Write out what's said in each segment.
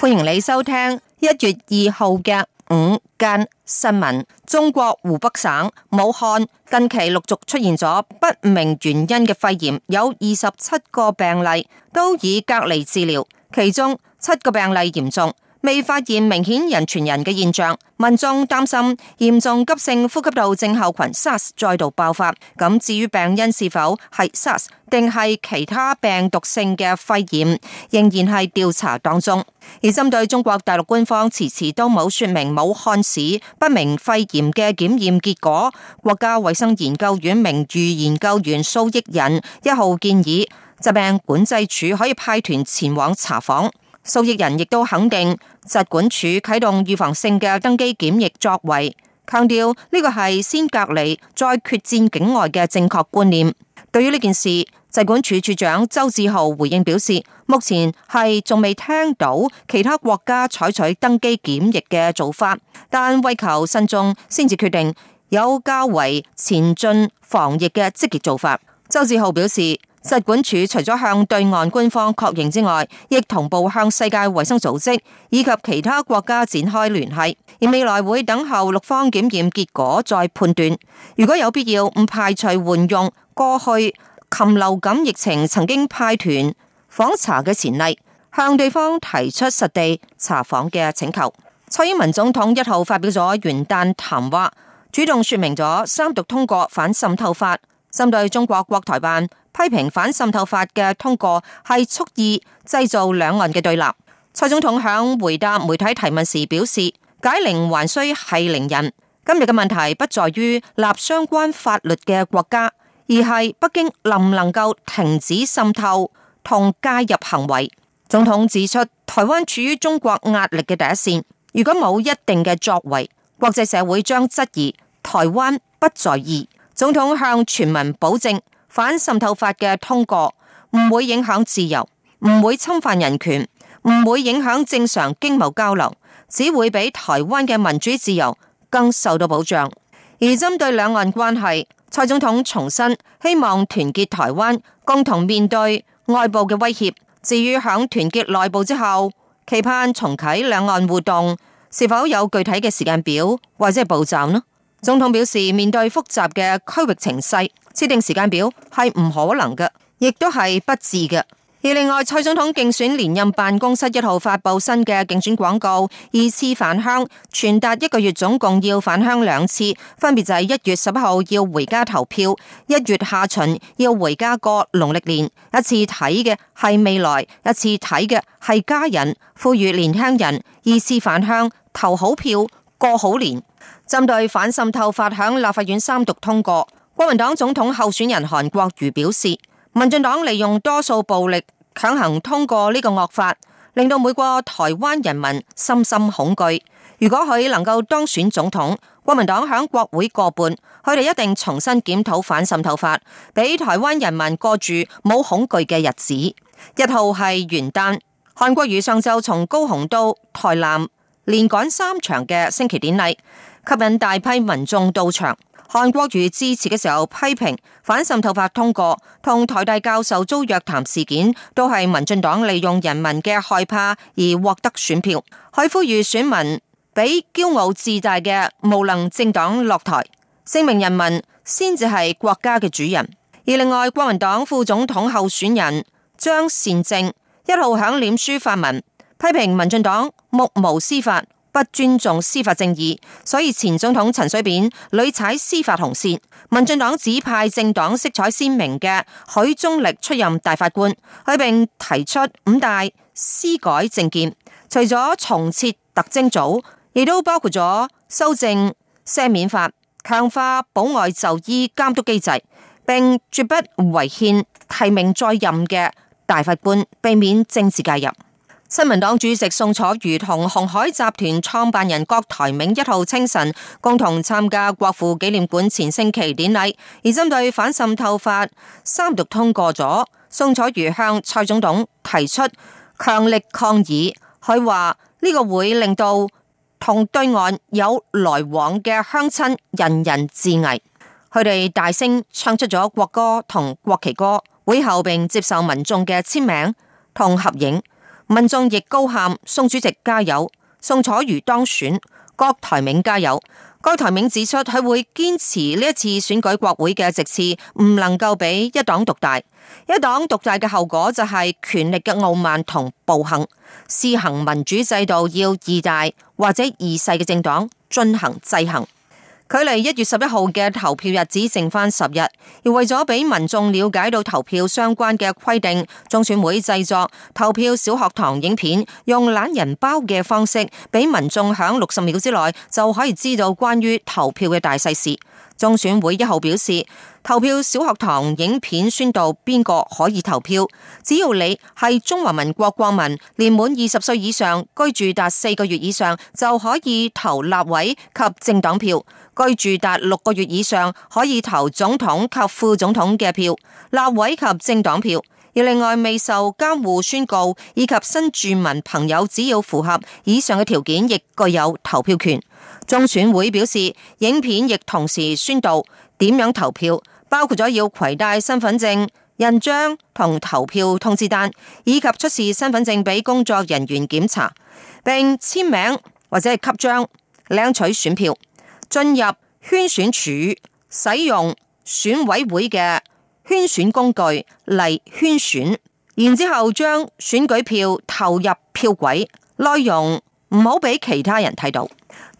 歡迎你收聽一月二號嘅午間新聞。中國湖北省武漢近期陸續出現咗不明原因嘅肺炎，有二十七個病例都已隔離治療，其中七個病例嚴重。未發現明顯人傳人嘅現象，民眾擔心嚴重急性呼吸道症候群 SARS 再度爆發。咁至於病因是否係 SARS 定係其他病毒性嘅肺炎，仍然係調查當中。而針對中國大陸官方遲遲都冇說明武漢市不明肺炎嘅檢驗結果，國家衛生研究院名譽研究員蘇益仁一號建議疾病管制署可以派團前往查訪。數億人亦都肯定疾管署啟動預防性嘅登機檢疫作為，強調呢個係先隔離再決戰境外嘅正確觀念。對於呢件事，疾管署署長周志浩回應表示，目前係仲未聽到其他國家採取登機檢疫嘅做法，但為求慎重，先至決定有較為前進防疫嘅積極做法。周志浩表示。疾管署除咗向對岸官方確認之外，亦同步向世界衛生組織以及其他國家展開聯繫，而未來會等候陸方檢驗結果再判斷。如果有必要，唔排除換用過去禽流感疫情曾經派團訪查嘅前例，向對方提出實地查訪嘅請求。蔡英文總統一號發表咗元旦談話，主動說明咗三讀通過反滲透法，針對中國國台辦。批評反滲透法嘅通過係蓄意製造兩岸嘅對立。蔡總統響回答媒體提問時表示：解鈴還需繫鈴人。今日嘅問題不在於立相關法律嘅國家，而係北京能唔能夠停止滲透同介入行為。總統指出，台灣處於中國壓力嘅第一線，如果冇一定嘅作為，國際社會將質疑台灣不在意。總統向全民保證。反滲透法嘅通過唔會影響自由，唔會侵犯人權，唔會影響正常經貿交流，只會比台灣嘅民主自由更受到保障。而針對兩岸關係，蔡總統重申希望團結台灣共同面對外部嘅威脅，至於響團結內部之後，期盼重啟兩岸互動，是否有具體嘅時間表或者係步驟呢？總統表示，面對複雜嘅區域情勢，設定時間表係唔可能嘅，亦都係不智嘅。而另外，蔡總統競選連任辦公室一號發布新嘅競選廣告，二次返鄉傳達一個月總共要返鄉兩次，分別就係一月十一號要回家投票，一月下旬要回家過農曆年。一次睇嘅係未來，一次睇嘅係家人，呼籲年輕人二次返鄉投好票，過好年。針對反滲透法響立法院三讀通過，國民黨總統候選人韓國瑜表示，民進黨利用多數暴力強行通過呢個惡法，令到每個台灣人民深深恐懼。如果佢能夠當選總統，國民黨響國會過半，佢哋一定重新檢討反滲透法，俾台灣人民過住冇恐懼嘅日子。一號係元旦，韓國瑜上晝從高雄到台南，連趕三場嘅升旗典禮。吸引大批民眾到場。韓國瑜致辭嘅時候批評反滲透法通過同台大教授遭約談事件，都係民進黨利用人民嘅害怕而獲得選票，佢呼籲選民俾驕傲自大嘅無能政黨落台，聲明人民先至係國家嘅主人。而另外，國民黨副總統候選人張善政一路響臉書發文批評民進黨目無司法。不尊重司法正義，所以前總統陳水扁屢踩司法紅線。民進黨指派政黨色彩鮮明嘅許宗力出任大法官，佢並提出五大司改政見，除咗重設特偵組，亦都包括咗修正赦免法、強化保外就醫監督機制，並絕不違憲提名再任嘅大法官，避免政治介入。新民黨主席宋楚瑜同鴻海集團創辦人郭台銘一號清晨共同參加國父紀念館前升旗典禮。而針對反滲透法三讀通過咗，宋楚瑜向蔡總統提出強力抗議，佢話呢個會令到同對岸有來往嘅鄉親人人自危。佢哋大聲唱出咗國歌同國旗歌。會後並接受民眾嘅簽名同合影。民眾亦高喊宋主席加油，宋楚瑜當選，郭台銘加油。郭台銘指出，佢會堅持呢一次選舉國會嘅席次唔能夠俾一黨獨大，一黨獨大嘅後果就係權力嘅傲慢同暴行。施行民主制度要二大或者二細嘅政黨進行制衡。距離一月十一號嘅投票日子剩翻十日，而為咗俾民眾了解到投票相關嘅規定，中選會製作投票小學堂影片，用懶人包嘅方式，俾民眾響六十秒之內就可以知道關於投票嘅大細事。中選會一號表示，投票小學堂影片宣導邊個可以投票？只要你係中華民國國民，年滿二十歲以上，居住達四個月以上就可以投立委及政黨票；居住達六個月以上可以投總統及副總統嘅票、立委及政黨票。而另外未受監護宣告以及新住民朋友，只要符合以上嘅條件，亦具有投票權。中選會表示，影片亦同時宣導點樣投票，包括咗要攜帶身份證、印章同投票通知單，以及出示身份證俾工作人員檢查並簽名或者係蓋章領取選票，進入圈選處，使用選委會嘅圈選工具嚟圈選，然之後將選舉票投入票匭，內容唔好俾其他人睇到。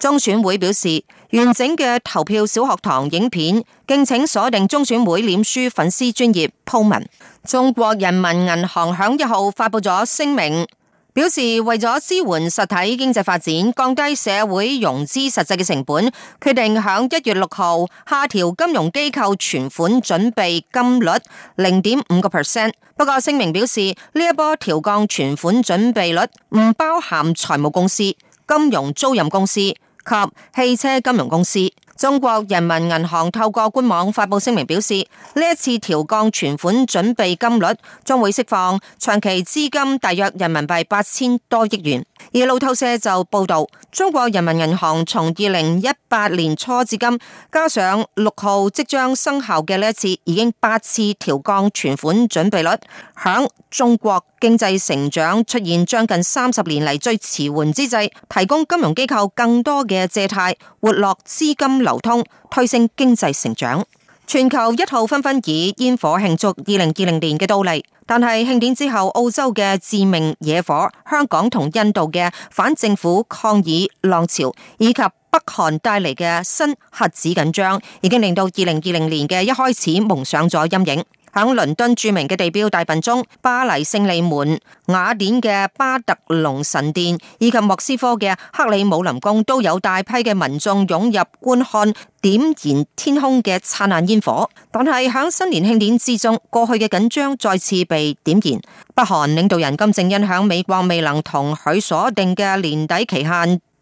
中選會表示，完整嘅投票小學堂影片，敬請鎖定中選會臉書粉絲專頁鋪文。中國人民銀行響一號發布咗聲明，表示為咗支援實體經濟發展，降低社會融資實際嘅成本，決定響一月六號下調金融機構存款準備金率零點五個 percent。不過，聲明表示呢一波調降存款準備率唔包含財務公司、金融租賃公司。及汽車金融公司。中國人民銀行透過官網發佈聲明表示，呢一次調降存款準備金率將會釋放長期資金大約人民幣八千多億元。而路透社就報道，中國人民銀行從二零一八年初至今，加上六號即將生效嘅呢一次，已經八次調降存款準備率。響中國經濟成長出現將近三十年嚟最遲緩之際，提供金融機構更多嘅借貸，活絡資金流。流通推升經濟成長，全球一號紛紛以煙火慶祝二零二零年嘅到嚟，但係慶典之後，澳洲嘅致命野火、香港同印度嘅反政府抗議浪潮，以及北韓帶嚟嘅新核子緊張，已經令到二零二零年嘅一開始蒙上咗陰影。喺倫敦著名嘅地標大笨鐘、巴黎勝利門、雅典嘅巴特隆神殿以及莫斯科嘅克里姆林宮，都有大批嘅民眾湧入觀看點燃天空嘅燦爛煙火。但係喺新年慶典之中，過去嘅緊張再次被點燃。北韓領導人金正恩喺美國未能同佢所定嘅年底期限。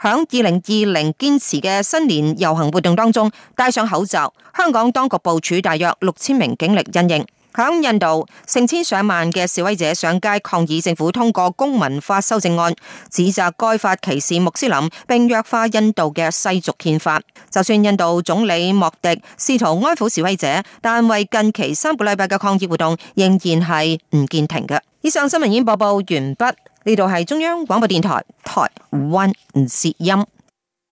喺二零二零堅持嘅新年遊行活動當中，戴上口罩。香港當局部署大約六千名警力因應。喺印度，成千上萬嘅示威者上街抗議政府通過公民法修正案，指責該法歧視穆斯林，並弱化印度嘅世俗憲法。就算印度總理莫迪試圖安撫示威者，但為近期三個禮拜嘅抗議活動仍然係唔見停嘅。以上新聞已經播報完畢。呢度係中央廣播電台台灣之音。